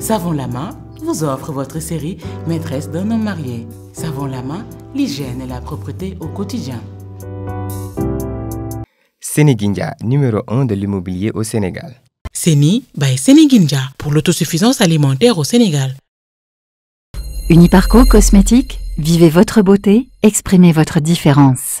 Savon la main vous offre votre série Maîtresse d'un homme marié. Savon la main, l'hygiène et la propreté au quotidien. Sénéguinja, numéro 1 de l'immobilier au Sénégal. Séni by Sénéguinja pour l'autosuffisance alimentaire au Sénégal. Uniparco Cosmétique, vivez votre beauté, exprimez votre différence.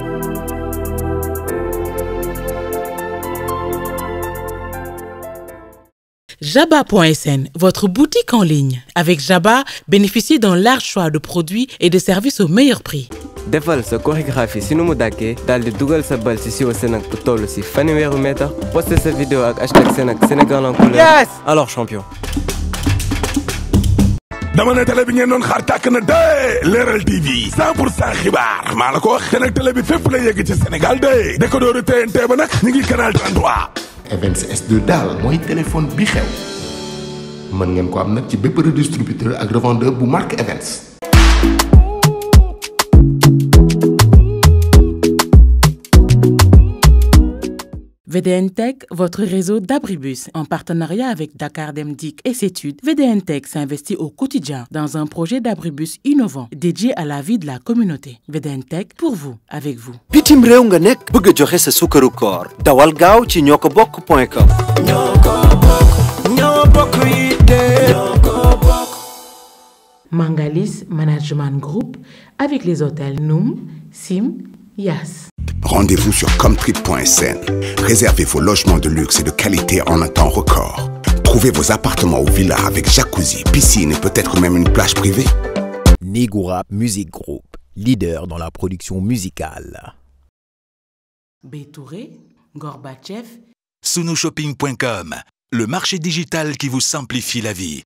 Jabba.sn, votre boutique en ligne. Avec Jabba, bénéficiez d'un large choix de produits et de services au meilleur prix. defal sa chorégraphie si nous mu dàkkee daal di si sa bal ci siwo Sénac le si ci cette vidéo avec hashtag Sénégal en couleur. yes alors champion. dama ne télé bi ngeen doon xaar tàkk na de TV 100 pour Malako, xibaar maa la ko télé bi fépp la yegg ci Sénégal de décodeur TNT ba nag ñu ngi canal 33. events S2 dal mooy téléphone bi xew mën ngeen ko am nag ci bépp redistributeur events VDN Tech, votre réseau d'abribus, en partenariat avec Dakar Demdic et Sétude, VDN Tech s'investit au quotidien dans un projet d'abribus innovant dédié à la vie de la communauté. VDN Tech pour vous, avec vous. Mangalis Management Group avec les hôtels Noum, Sim, Yas. Rendez-vous sur comtrip.sn. Réservez vos logements de luxe et de qualité en un temps record. Trouvez vos appartements ou villas avec jacuzzi, piscine et peut-être même une plage privée. Nigoura Music Group, leader dans la production musicale. Bétouré, Gorbatchev. Sunushopping.com, le marché digital qui vous simplifie la vie.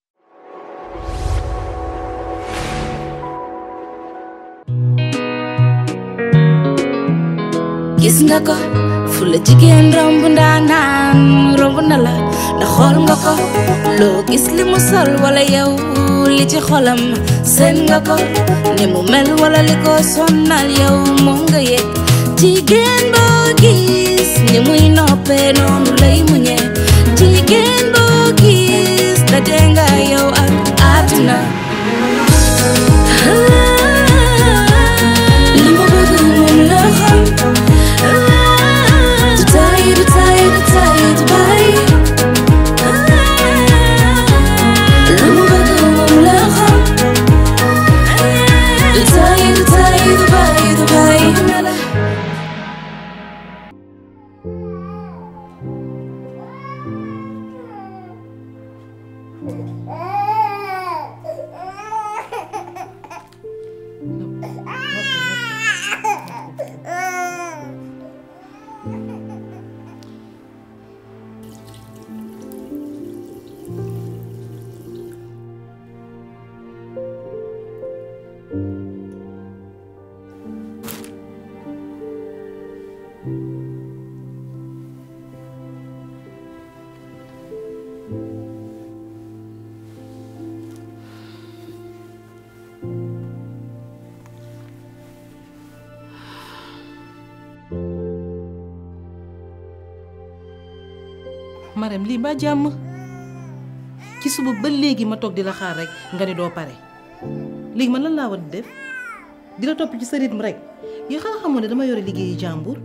gis nga ko fula jigéen romb ndaanaan romb na la ndax xool nga ko loo gis li mu sol wala yow li ci xolam seen nga ko ni mu mel wala li ko sonnal yow moom nga yëg jigéen boo gis ni muy noppee noonu lay muñee jigéen boo gis dajee nga yow ak àdduna ah, li mu bëgg moom la xam ba jam ci suba ba léegi ma tok di xaar rek nga ni do pare legi man lan la wone def di top ci sa rythme rek yow xala xamone dama yore liggéeyu jambour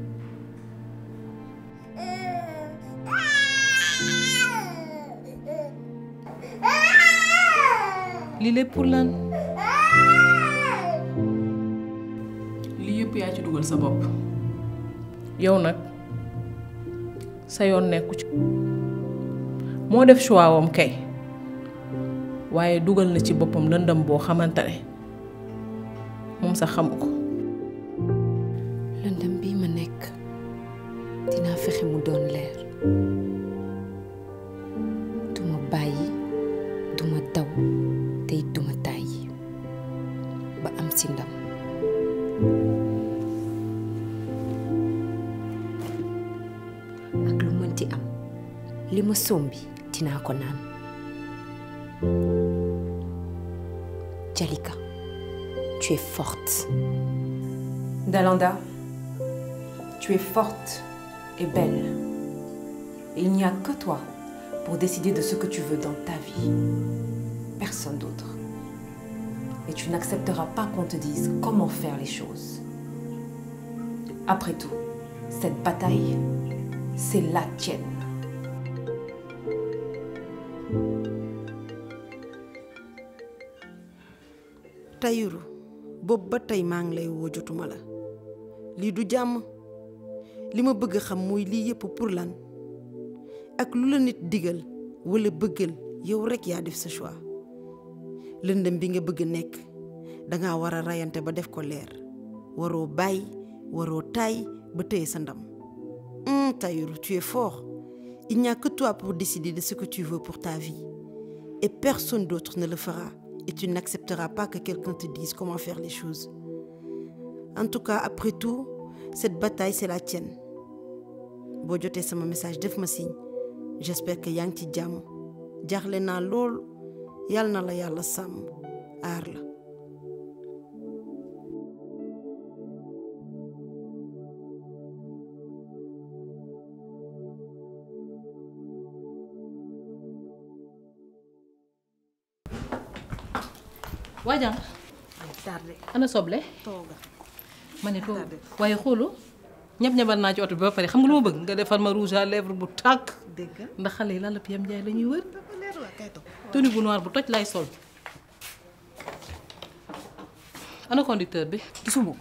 li lepp pour lan li yepp ya ci duggal sa bop yow nak sa nekku ci moo def choix wam kay waaye dugal na ci boppam lëndëm boo xamante ne moom sax xamu ko Jalika, tu es forte. Dalanda, tu es forte et belle. il n'y a que toi pour décider de ce que tu veux dans ta vie. Personne d'autre. Et tu n'accepteras pas qu'on te dise comment faire les choses. Après tout, cette bataille, c'est la tienne. tayru Bob ba tey maa ngi lay woo la li du jam li ma bëgg xam mooy li yépp pour lan ak lu nit digal wala bëggal yow rek ya def sa choix lëndëm bi nga bëgg nekk danga nga wara rayante ba def ko leer waro bay waro tay ba téye sa ndam hum, Tahirou tu es fort il n'y a que toi pour décider de ce que tu veux pour ta vie et personne d'autre ne le fera et tu n'accepteras pas que quelqu'un te dise comment faire les choses. En tout cas, après tout, cette bataille, c'est la tienne. as c'est mon message def ma signe j'espère que tu vas bien..! jàmm jaaxle na la Yalla Sam, waa jàng. ana soble. tooga ma ne tooga waaye xoolu. ñab ñabal naa ci oto bi ba pare xam nga lu ma bëgg nga defal ma rouge à lèvres bu tàkk. dëgg ndax xale yi lan la PM Ndiaye la ñuy wër. tenue bu noir bu toj lay sol. ana conducteur bi gisuma ko.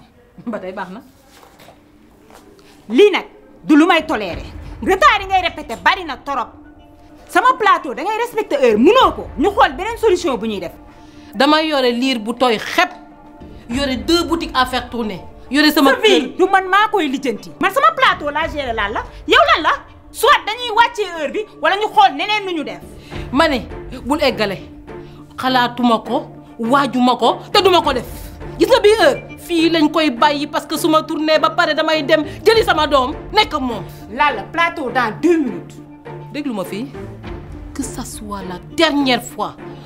ba tey baax na. lii nag du lu may toléré. retard yi ngay répété bari na torop. sama plateau dangay respecté heure mënoo ko ñu xool beneen solution bu ñuy def. damay à lire bu deux boutiques à faire tourner yoré sama kër du man makoy koy man sama plateau la géré la la yow la la soit dañuy heure bi wala ñu xol neneen def. mané bul xalaatuma ko duma ko def gis nga bi heure fi lañ koy bayyi parce que suma ma ba paré damay dem jëli sama nek mom la Lalla plateau dans deux minutes. déglu ma que ça soit la dernière fois.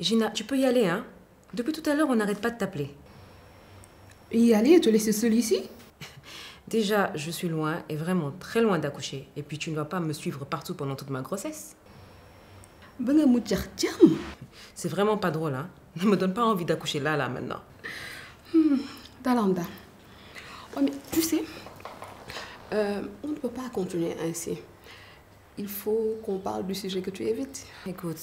Gina, tu peux y aller, hein Depuis tout à l'heure, on n'arrête pas de t'appeler. Y aller et te laisser seule ici Déjà, je suis loin et vraiment très loin d'accoucher. Et puis, tu ne vas pas me suivre partout pendant toute ma grossesse. C'est vraiment pas drôle, hein ne me donne pas envie d'accoucher là, là, maintenant. Hmm, Dalanda. oui, mais tu sais, euh, on ne peut pas continuer ainsi. Il faut qu'on parle du sujet que tu évites. Écoute,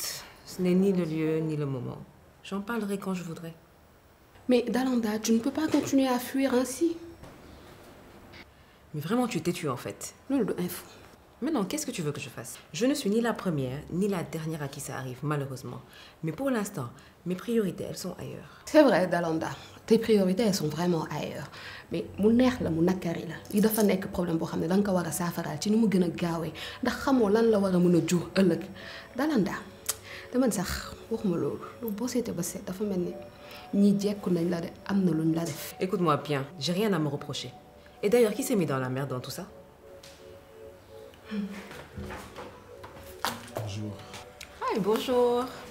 ce n'est ni le lieu ni le moment. J'en parlerai quand je voudrais. Mais Dalanda, tu ne peux pas continuer à fuir ainsi. Mais vraiment, tu t'es tué en fait. le info. Maintenant, qu'est-ce que tu veux que je fasse Je ne suis ni la première, ni la dernière à qui ça arrive, malheureusement. Mais pour l'instant, mes priorités, elles sont ailleurs. C'est vrai, Dalanda. Tes priorités, elles sont vraiment ailleurs. Mais mon nerf, mon nakari, là, il doit faire un problème pour ramener dans le cas où tu ne me gagnes gawe. D'accord, là, là, là, mon jour, elle. Dalanda, demain ça, pour moi, le boss était bossé, t'as fait mener. Ni Jack, qu'on a eu là, amène le là. Écoute-moi bien, j'ai rien à me reprocher. Et d'ailleurs, qui s'est mis dans la merde dans tout ça Bonjour. Hi, bonjour.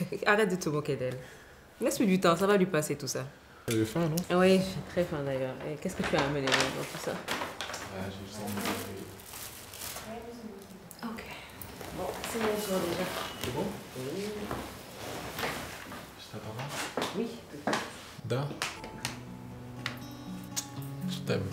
Arrête de te moquer d'elle. Laisse-lui du temps, ça va lui passer tout ça. J'ai faim, non Oui, très faim d'ailleurs. qu'est-ce que tu as amené dans tout ça ah, je sens Ok. Bon, c'est mon jour déjà. C'est bon Oui. Je t'attends Oui. Da. Je t'aime.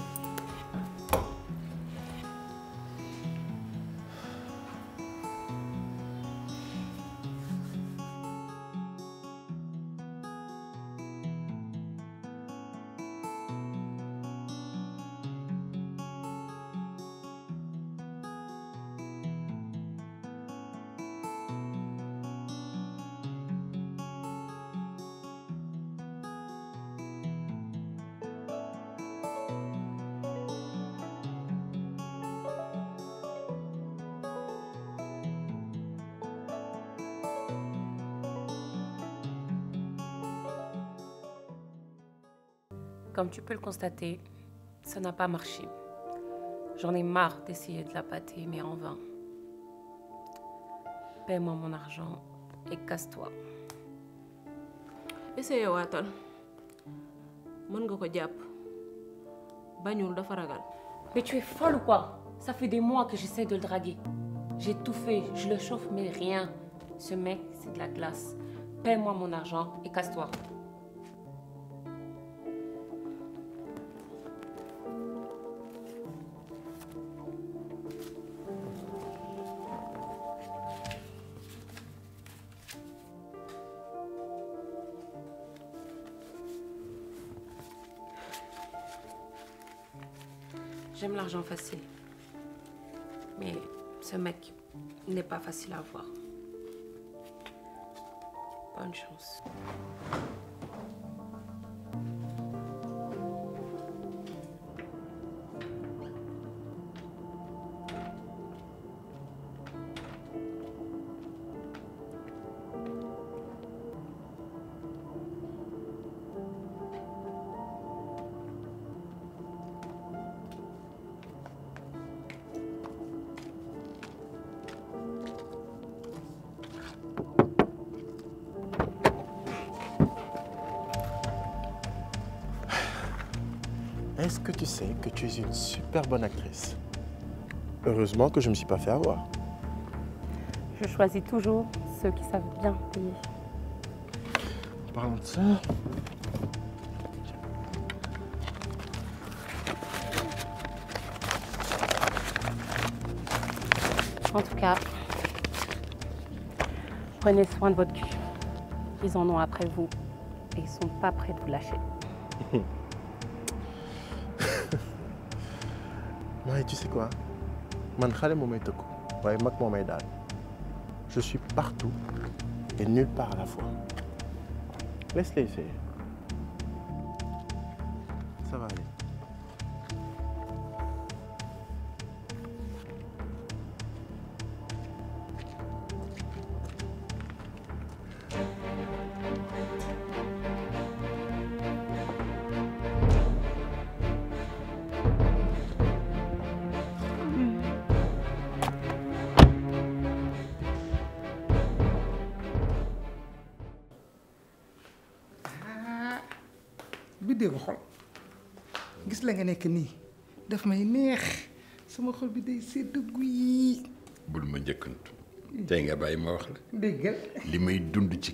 comme tu peux le constater, ça n'a pas marché. J'en ai marre d'essayer de la pâter, mais en vain. Paie-moi mon argent et casse-toi. Essaye ou attends. Mon bañul mais tu es folle ou quoi ça fait des mois que j'essaie de le draguer. j'ai tout fait je le chauffe mais rien ce mec c'est de la glace paie-moi mon argent et casse-toi. Argent facile. Mais ce mec n'est pas facile à voir. Bonne chance. Est-ce que tu sais que tu es une super bonne actrice Heureusement que je ne me suis pas fait avoir. Je choisis toujours ceux qui savent bien payer. En parlant de ça... En tout cas, prenez soin de votre cul. Ils en ont après vous et ils ne sont pas prêts de vous lâcher. tu sais quoi je suis partout et nulle part à la fois laisse-les essayer xol la nga may neex sama xol bi day ma nga ma wax la. li may dund parce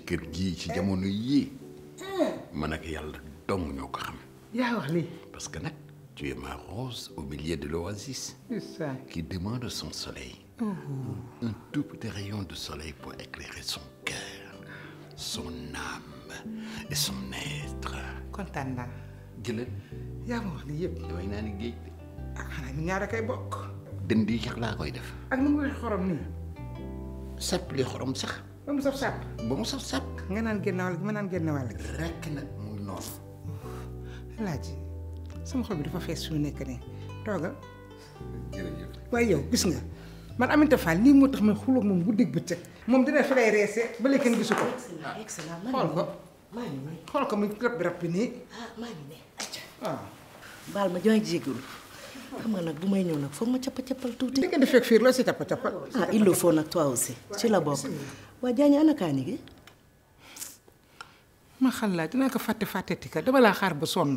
que tu es ma rose au milieu de l'oasis. qui demande son soleil. un tout petit rayon de soleil pour éclairer son cœur son âme. et son maître. kontaan naa. jëlal. yaa ma wax ni yëpp. damay naa ni géej de. Ah, xanaa ni ñaar a koy bokk. dënd yi sax laa koy def. ak nu mu xorom nii. sàpp li xorom sax. ba mu saf sàpp. mu saf sàpp. nga naan génn wàll gi ma naan génn wàll gi. rek nag muy noonu. Alaaji sama xol bi dafa fees su nekk nii toogal. waaye yow gis nga. man Aminta Fall lii moo tax man xuloo moom bu dégg bëccëg moom dina fa lay reese ba léegi kenn gisu ko. xool ko xool ko mu rab rab bi nii. ah maa ngi ne ah. baal ma jooy jégalu xam nga nag bu may ñëw nag foog ma cappa cappal tuuti. dégg nga def fekk fii loo si cappa cappal. ah il le nag toi aussi ci la bokk. waa Diagne ana kaani gi. ma xal laa dinaa ko fàtte fàtte ti ka dama laa xaar ba sonn.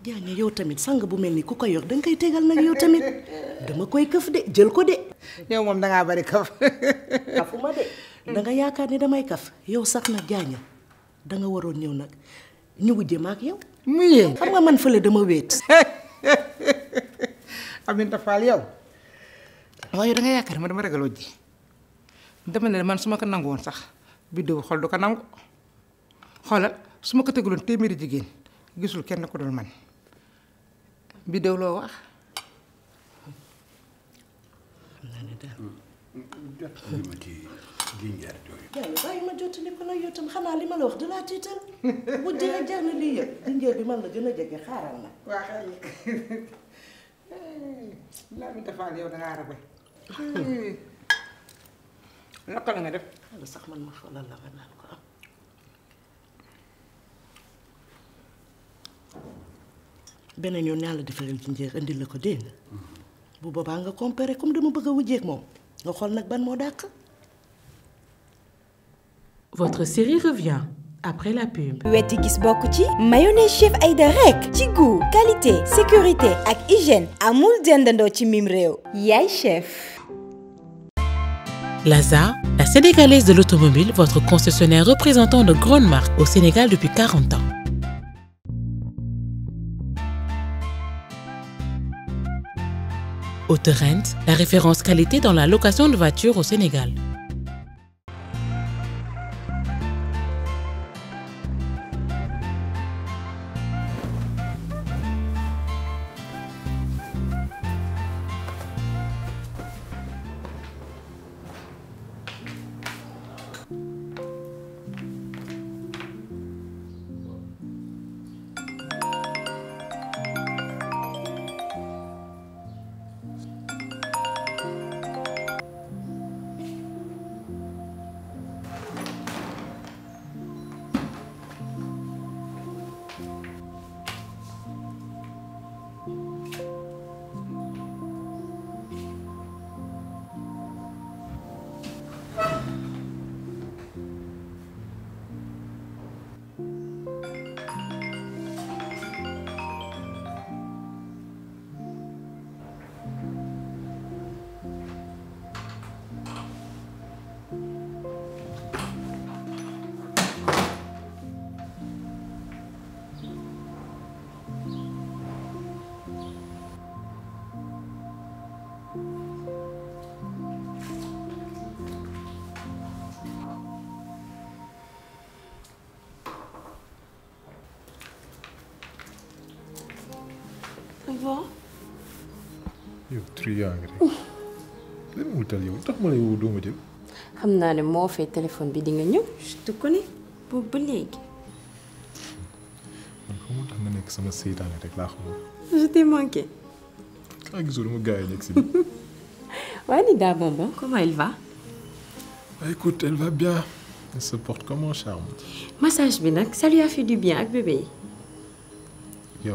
Diagne ya, yow tamit sang bu melni ni ku ko yor dang koy tegal ya nak yow tamit dama koy keuf de jël ko de. yow da nga bari kaf. kafuma de. da nga yaakar ni damay kaf yow sax nak Diagne da nga waro ñëw nak ñu wujje ma ak yow. mu xam nga man fële dama wéet. Aminta fal yow waaye da nga yaakar ma dama regalo ji dama ne man suma ko nangoon sax biddewu xol du ko nangu xolal suma ko teggulon jigen gisul kenn ko dul man. biddew loo wax xam naa ne daal ma ci jinjaar jooyu jàll bàyyi ma jottali ko nag yow tam xanaa li ma la wax da laa tiital bu dee jar lii yëpp jinjaar bi man la gën a jege xaaral na waa la nga def xaaral sax man ma xoolal la nga naan ko am beneen yoon naa la defaral ci njëriñ indil la ko dégg bu boobaa nga comparer comme dama bëgg a wujjeek moom nga xool nag ban moo dàq. Votre série revient après la pub. wetti gis bokk ci. mayonnaise chef Aïda rek. ci goût qualité sécurité ak hygiène amul dendandoo ci mim réew. yaay chef. Laza, la sénégalaise de l'automobile, votre concessionnaire représentant de grandes marques au Sénégal depuis 40 ans. Autorent, la référence qualité dans la location de voitures au Sénégal. avant. yow triangle. yaa ngi rek. jeune. ma lay woo doo ma jël. téléphone je te connais Pour man xam je t'ai manqué. Quand suis gars comment elle va. écoute elle va bien. elle se porte comme un charme. massage ça lui a fait du bien avec bébé yi.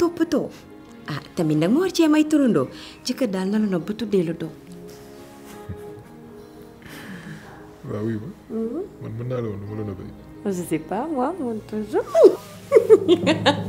toppatoo ah te nag moo war mai turun turandoo Jika daal lo nabo ba tuddee la doom. waaw oui man mën naa la woon lu je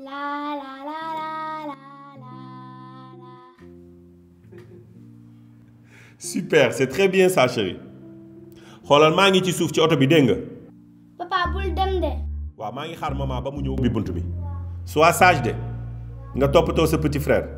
La la la la la la la. Super, c'est très bien ça chérie. xoolal ma ngi ci souf, ci auto bi de nga. papa bul dem de. Wa ma ngi xar maman ba mu ñëw bi buntu bi. sois sage de. nga toppatoo ce petit frère.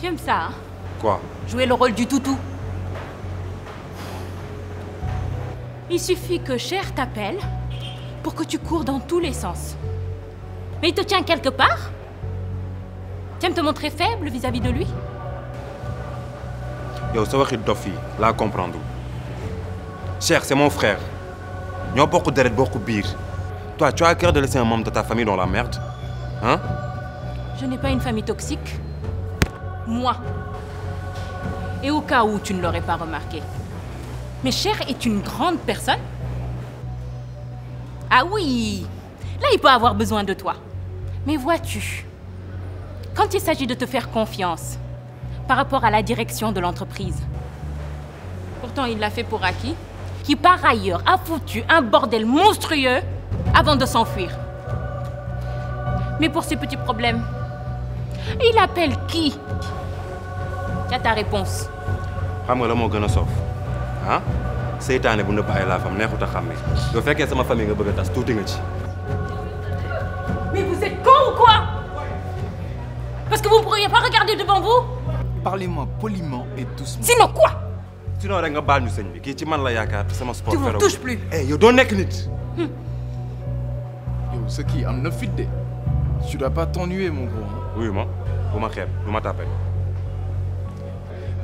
Tu aimes ça, hein Quoi Jouer le rôle du toutou. Il suffit que Cher t'appelle pour que tu cours dans tous les sens. Mais il te tient quelque part Tu aimes te montrer faible vis-à-vis de lui Yo, là comprendre. Cher, c'est mon frère. Y n'y beaucoup d'aide, beaucoup Toi, tu as à cœur de laisser un membre de ta famille dans la merde Hein Je n'ai pas une famille toxique moi. Et au cas où tu ne l'aurais pas remarqué, mais Cher est une grande personne. Ah oui, là il peut avoir besoin de toi. Mais vois-tu, quand il s'agit de te faire confiance par rapport à la direction de l'entreprise, pourtant il l'a fait pour Aki, qui par ailleurs a foutu un bordel monstrueux avant de s'enfuir. Mais pour ces petits problèmes, il appelle qui Quelle ta réponse xam nga la moo gën un soof ah seytaane bu ne ay laafam neexut a xàmme yow fekkee sama famille nga bëgg a tas nga ci. mais vous êtes con ou quoi parce que vous ne pourriez pas regarder devant vous. parlez-moi poliment et doucement. sinon quoi. sinon je nga nous ñu sëñ bi kii ci man la sama sport. tu ne touches plus. Hey eh, yo, donne une nit. Hum. Yo, ce qui? am na fit ne tu dois pas t'ennuyer mon gros. oui moi..! bu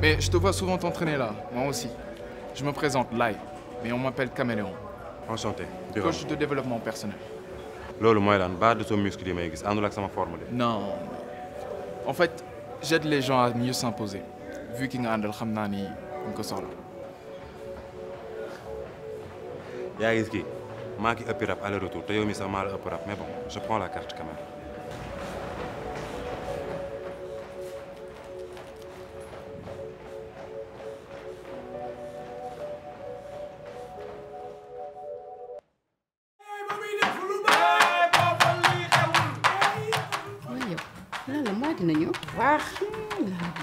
mais je te vois souvent t'entraîner là moi aussi je me présente Lai mais on m'appelle Caméléon enchanté coach de développement personnel Lolo mooy lan bas de ton muscle mais may gis àndul ak forme non en fait j'aide les gens à mieux s'imposer vu qu'ils nga àndal un naa ni ñu ko soxla yaa gis kii maa ngi à aller retour te yow sax maa mais bon je prends la carte quand même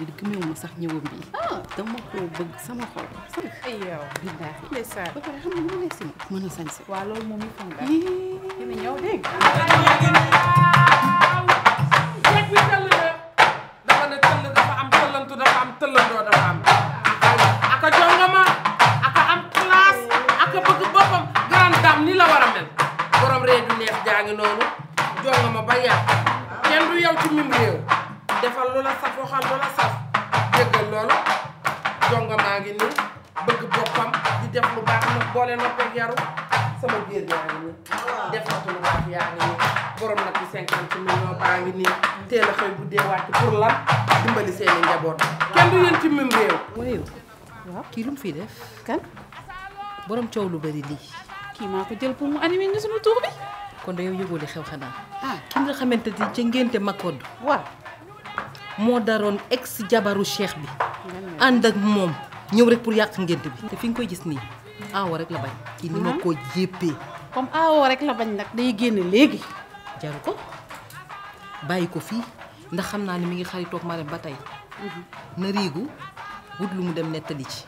ji gëmewuma sax ñëwam bi ah. dama koo bëgg sama xol sama ay yow billaahi ndeysaan ba pare xam nga lu mu nekk si ma mën a sañ si waaw loolu moom i fan la ñëw waaye waaw kii lu mu fii def. kan. borom coow lu bari lii. kii maa ko jël pour mu animer ñu sunu tour bi. kon da yow yëgoo xew xanaa. ah ki nga xamante ni ca ngénte Makodd. waaw. moo daroon ex jabaru cheikh bi. ànd ak moom ñëw rek pour yàq ngénte bi. te fi nga koy gis nii aawoo rek la bañ. kii ni ma mhm. ko jéppee. comme aawoo rek la bañ nag day génn léegi. jaru ko bàyyi ko fii ndax xam naa ne mi ngi xaritoog Marème ba tey. Mhm. na riigu wut lu mu dem netali ci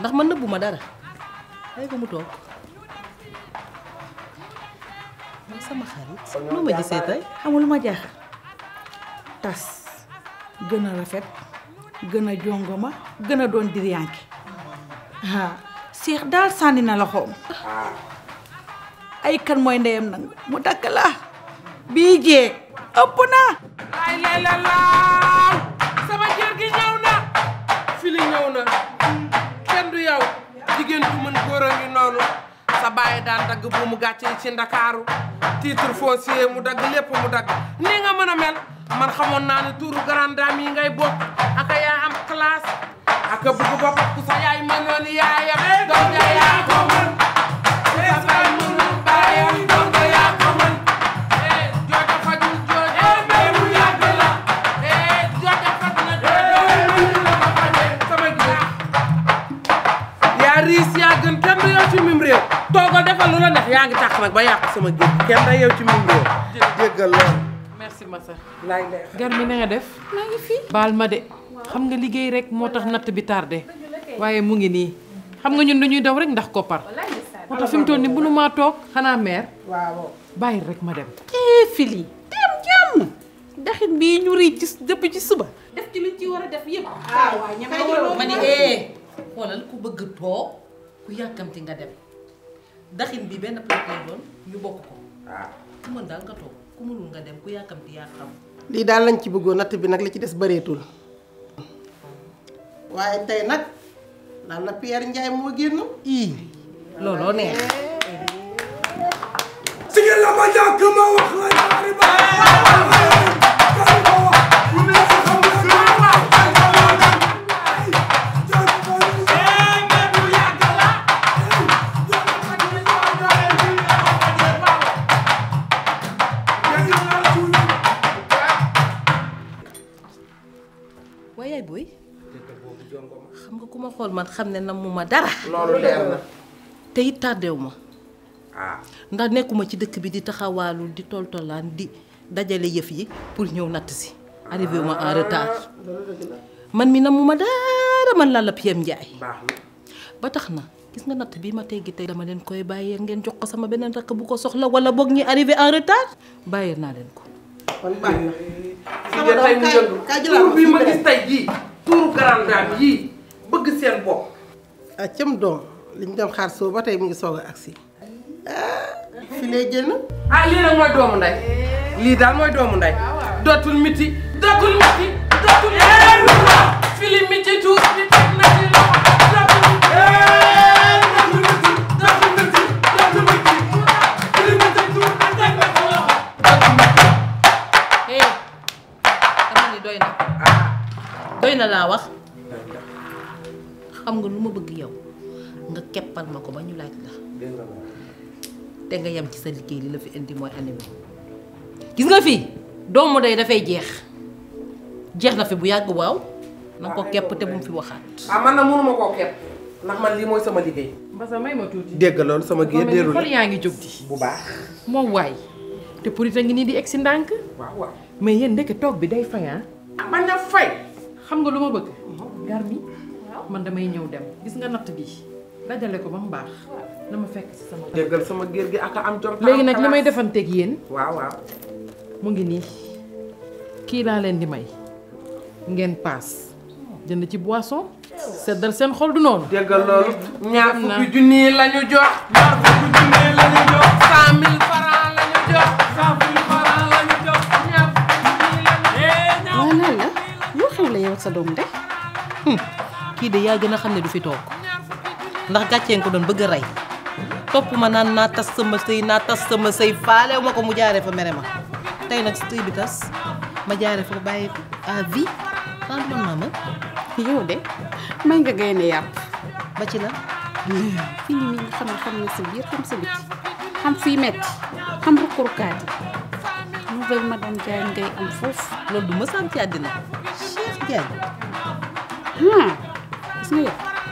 ndax man nëbbuma dara ay ko mu tok man sama xarit lu ma gisee tay amul ma jax tas gëna rafet gëna jongoma gëna a dir yanki ha cheikh dal sani na loxo ay kan moy ndeyam nag mu dakk bi je ëpp na ay la la la ñëw na kenn du yaw jigéen du mën góor a ngi noonu sa bàyyi daan dagg bu mu gàccee ci ndakaaru titre foncier mu dagg lépp mu dagg nii nga mën a mel man xamoon naa ne tuuru grande dame yi ngay bokk aka yaa am classe aka bëgg bopp ku sa yaay meloon yaayam doom ja yaa defal lu la neex yaa ngi tàq nag ba yàq sama géej kenn day yow ci mën réew jéggal lool merci Massa laay gar mi nga def maa ngi fii baal ma de xam nga liggéey rek moo tax bi tardé waaye mu ngi nii xam nga ñun dañuy daw rek ndax bu nu waaw rek ma dem fili dem jam. daxit bii ñu rii ci ci suba def ci liñ ci def yëpp waaw ah, waaw ñeme ma ni ee eh, xoolal ku bëgg ku nga dem dakhin bi ben plat bon doon ñu bokk ko ah. ku mën daal nga tok ku mu nga dem ku yakam ti yakam li daal lañ ci bëggo natt bi nak li ci dess bareetul waye tay nak naan na Pierre Ndiaye mo gennu i lolo ne sigel la ma jakk ma wax la ñaari ba man xam madara, namuma dara. loolu leer na te it ma. ah ndax nekkuma ci dekk bi di taxawalu di toltolaan di dajale yef yi pour ñew nat ci arrivé ma en retard. man mi namuma dara man la la PM jaay ba taxna na gis nga nat bi ma teggi tay dama len koy baye ngeen jox ko sama benen rak bu ko soxla wala bok ñi arrivé en retard baye na len ko. kon bi ma gis grand dame bëgg seen bopp. ah cëm doom li ñu doon xaar soo ba tey mu ngi soog a agsi. Ah, fi lay jënd. ah lii nag mooy doomu nday lii daal mooy doomu nday dootul miti. dootul miti dootul miti. fili miti tuuti bi teg na ci ah. doy na laa wax xam nga lu ma bëgg yow nga keppal ma ko ba ñu laaj la te nga yam ci sa liggéey li la fi indi mooy animé gis nga fii doomu day dafay jeex jeex na fi bu yàgg waaw na ko ah, kepp te bu mu fi waxaat ah man na mënuma koo kepp ndax man lii mooy sama liggéey mbasa may ma tuuti dégg loolu sama géer déeru la yaa ngi jóg di bu baax moom waay te pour ngi nii di egg si ndànk waaw waaw mais yéen ndeke toog bi day fay ah, ah man na fay xam nga lu ma bëgg garmi man damay ñew dem gis nga natt bi dajale ko bam mu baax na fekk ci sama. deggal sama geer gi ak am jom. legi nak limay defante ak yeen waaw waaw. mu ngi ni ki la len di may ngeen pass jënd ci boisson seddal seen xol du non deggal lool ñaar fukki junni lañu jox. ñaar fukki junni lañu jox. cent francs lañu jox. cent francs la jox. ñaar fukki junni la jox. waaw lan la loo la yow sa doom de. Hmm. kii de yaa gën a xam ne du fi toog ndax gàccee ko doon bëgg a rey topp ma naan naa tas sama sëy naa tas sama sëy faalew ma ko mu jaaree fa mere ma tey nag sëy bi ma jaaree fa bàyyi à vie man man maa yow de may nga gaynde yàpp ba ci la fii nii nga xam ne xam na sa biir xam sa biti xam fii metti xam rukkurukaat yi nouvelle madame Diagne ngay am foofu loolu du ma sant ci àddina Cheikh Diagne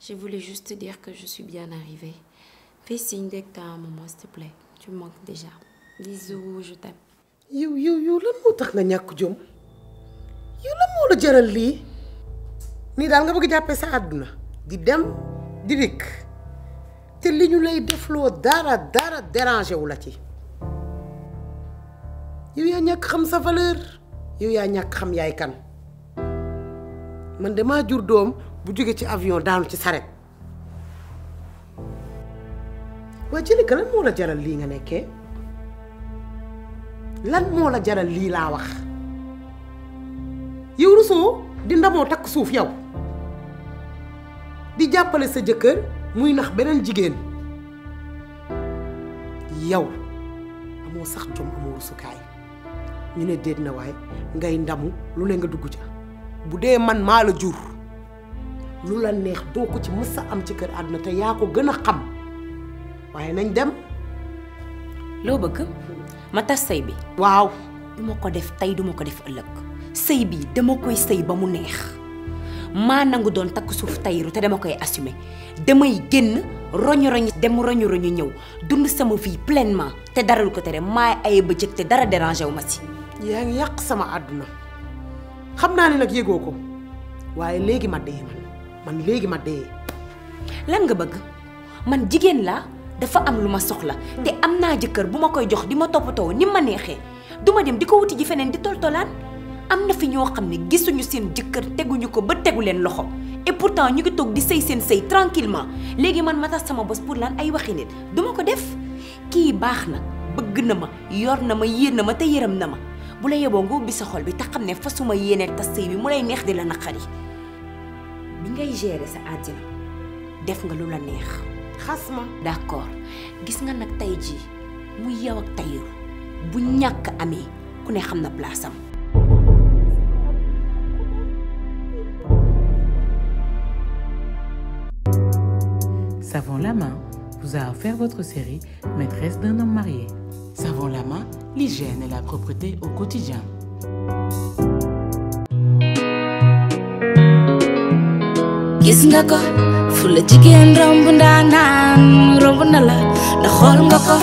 Je voulais juste te dire que je suis bien arrivée. Fais signe dès que t'as un moment, s'il te plaît. Tu me manques déjà. Bisous, je t'aime. Yo, yo, yo, Le mot tax nga ñàkk jom Yo, le mot le jaral lii ni daal nga bëgg jappé sa aduna di dem di rek te liñu ñu lay defloo dara dara déranger wu la ci yow yaa ñàkk xam sa valeur yow ya ñak xam yaay kan man dama jur doom bu jógee ci avion daanu ci saret waa Jalika lan moo la jaral lii nga nekkee lan moo la jaral lii laa wax yow rusoo di ndamoo takk suuf yow di jàppale sa jëkkër muy nax beneen jigéen yow amoo sax jom amoo rusukaay ñu ne déet na waay ngay ndamu lu ne nga dugg ca bu dee man maa la jur lu la neex doo ko ci mës a am ci kër àdduna te yaa ko gën a xam waaye nañ dem. loo bëgg ma tas sëy bi. waaw duma ko def tey duma ko def ëllëg sëy bi dama koy sëy ba mu neex maa nangu doon takk suuf teyru te dama koy assumer damay génn roñu roñu dem roñu ñëw dund sama fii pleinement te dara lu ko tere maa ay bëccëg te dara dérangé wu ma ci. yaa ngi yàq sama àdduna xam naa ne nag yëgoo ko waaye léegi ma dee man man léegi ma dee. lan nga bëgg man jigéen laa dafa am lu ma soxla te am naa jëkkër bu ma koy jox di ma toppatoo ni ma neexee duma dem di ko wuti ji feneen di toltolaan am na fi ñoo xam ne gisuñu seen jëkkër teguñu ko ba tegu leen loxo et pourtant ñu ngi toog di sëy seen sëy tranquillement léegi man ma tas sama bos pour lan ay waxi nit du ko def kii baax na bëgg na ma yor na ma yéen na ma te yërëm na ma bu la yeboo nga ubbi sa xol bi te xam ne fasuma yéene tas sëy bi mu neex di la naqari ni ngay gérer sa àddina def nga lu la neex. xas d'accord gis nga nag tey jii mu yow ak Tahirou bu ñàkk amee ku ne xam na place am. Savon la main vous a offert votre série Maîtresse d'un homme marié. Savons la main, l'hygiène et la propreté au quotidien. gis nga ko fu la jigéen romb ndaanaan romb na la ndax xool nga ko